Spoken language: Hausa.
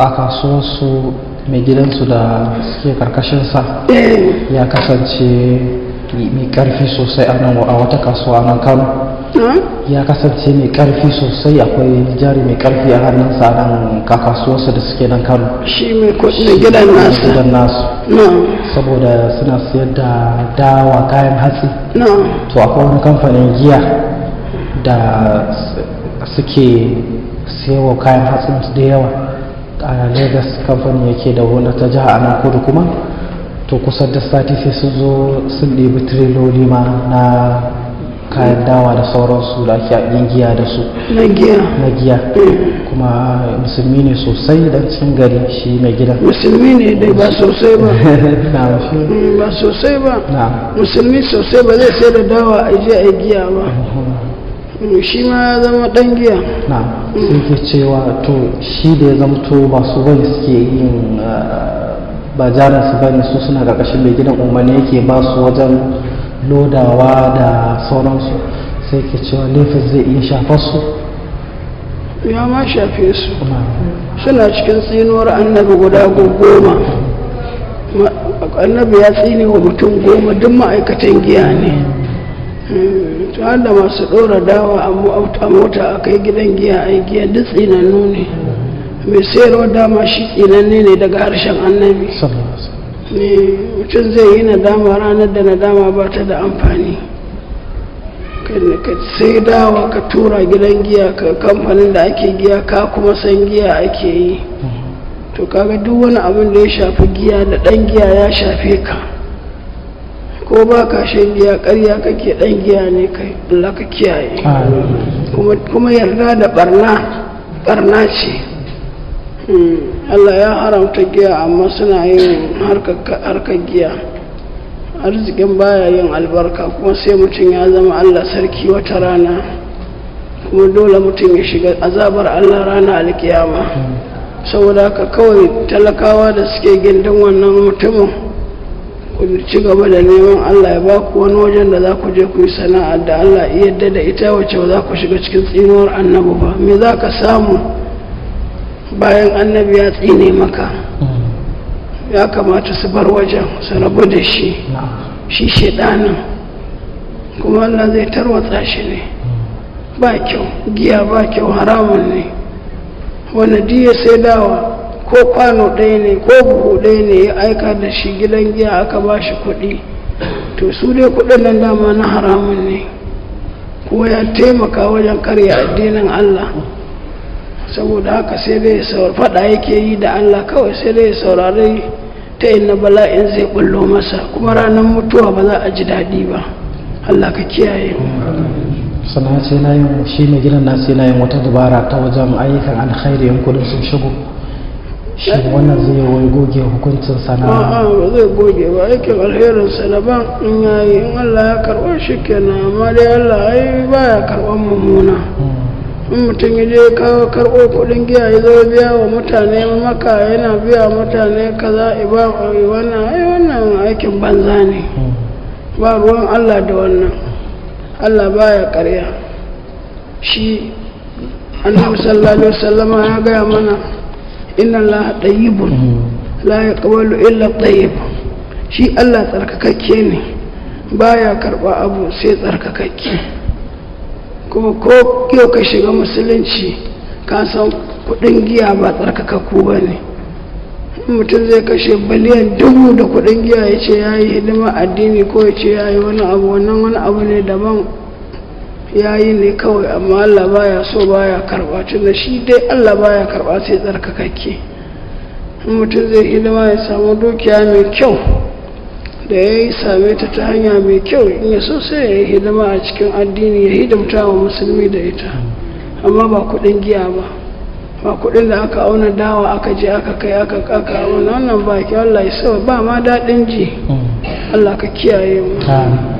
a kasuwarsu mai gidansu da suke karkashinsa eh. ya kasance mai karfi sosai a wata kasuwa nan kano hmm? ya kasance mai karfi sosai akwai jari mai karfi a hannun sa nan kakasuwarsa da suke nan kano shi mai gidan nasu saboda suna siyar da dawa kayan hatsi to akwai wani kamfanin giya da suke sayo kayan hatsin da yawa a lagos kamfani yake da wani ta jiha nan kudu kuma to kusan da sati sai sun zo sun ɗebi triloli ma na kayan dawa da sauransu da ake yin giya da su na giya hmm. kuma musulmi ne sosai da cikin gari shi mai gidan musulmi ne dai ba sosai ba na hmm, ba sosai ba musulmi sosai ba zai sai da dawa a a giya ba shi ma ya zama dan giya na sun ke cewa to shi da ya zama to ba su bane suke yin ah, ba jarin su bane su suna karkashin mai gidan umarni yake ba su wajen lodawa da sauransu sai ke cewa laifin zai iya shafar su ya ma shafe su suna cikin tsinuwar annabi guda goma annabi ya tsini wa mutum goma duk ma'aikatan giya ne hmm. to Allah masu ɗora dawa a mota a kai gidan giya a giya duk tsinannu ne mai sayarwa dama shi tsinanne ne daga harshen annabi mutum zai yi nadama ranar da nadama ba ta da amfani ka sai dawa ka tura gidan giya ka kamfanin da ake giya ka kuma san giya ake yi to kaga duk wani abin da ya shafi giya da ɗan giya ya shafe ka ko ba ka shan giya karya kake ɗan giya ne kai Allah ka kiyaye kuma yarda da barna barna ce hmm, Allah ya haramta giya amma suna yin harkar giya arzikin baya yin albarka kuma sai mutum ya zama Allah sarki wata rana kuma dole mutum ya shiga azabar Allah rana alkiyama saboda ka kawai talakawa da suke gindin wannan mutumin ku ci gaba da neman Allah ya ba ku wani wajen da za ku je ku yi sana'a da Allah ya yadda da ita wacce ba za ku shiga cikin tsinuwar annabi ba me za ka samu bayan annabi ya tsine maka mm. ya kamata su bar wajen su rabu da shi shi shedanin kuma Allah zai tarwatsa shi ne mm. ba kyau giya ba kyau haramun ne wani diya sai dawa ko kwano ɗaya ne ko buhu ɗaya ne ya aika da shi gidan giya aka ba shi kuɗi to su dai kuɗin nan dama na haramun ne ko ya taimaka wajen karya addinin Allah saboda haka sai dai ya saur faɗa yake yi da Allah kawai sai dai ya saurari ta inna bala'in zai bullo masa kuma ranar mutuwa ba za a ji daɗi ba Allah ka kiyaye sana'a sai na yin shi ne gidan na sai na yin wata dabara ta wajen ayyukan alkhairi yan sun shigo shi wannan zai goge hukuncin sana'a ba zai goge ba aikin alherin sana ba in yayi in Allah ya karɓa shi kenan amma dai Allah ai baya karɓar mummuna hmm. in mutum ya je kawo karɓo kuɗin giya ya zo biya wa mutane maka yana biya mutane kaza iba wannan ai wannan aikin banza ne hmm. ba ruwan Allah da wannan Allah baya karya. shi annabi sallallahu alaihi wasallama ya gaya mana inna Allah tayyibun la yaqbalu illa tayyib shi Allah tsarkakakke ne baya karba abu sai tsarkakakke kuma ko yau ka shiga musulunci ka san kudin giya ba tsarkakakku ba ne mutum zai kashe biliyan dubu da kuɗin giya ya ce ya yi hidima addini ko ya ce ya yi wani abu wani abu ne daban ya yi ne kawai amma Allah baya so baya karba da shi dai Allah baya karba sai tsarkakakke in mutum zai hidima ya samu dukiya mai kyau da ya yi same ta ta hanya mai kyau in ya so sai ya yi hidima a cikin addini ya hidimta wa musulmi da ita amma ba kuɗin giya ba ba kuɗin da aka auna dawa aka je aka kai aka kaka wannan wannan ba ki Allah ya sa ba ma daɗin ji mm. Allah ka kiyaye mu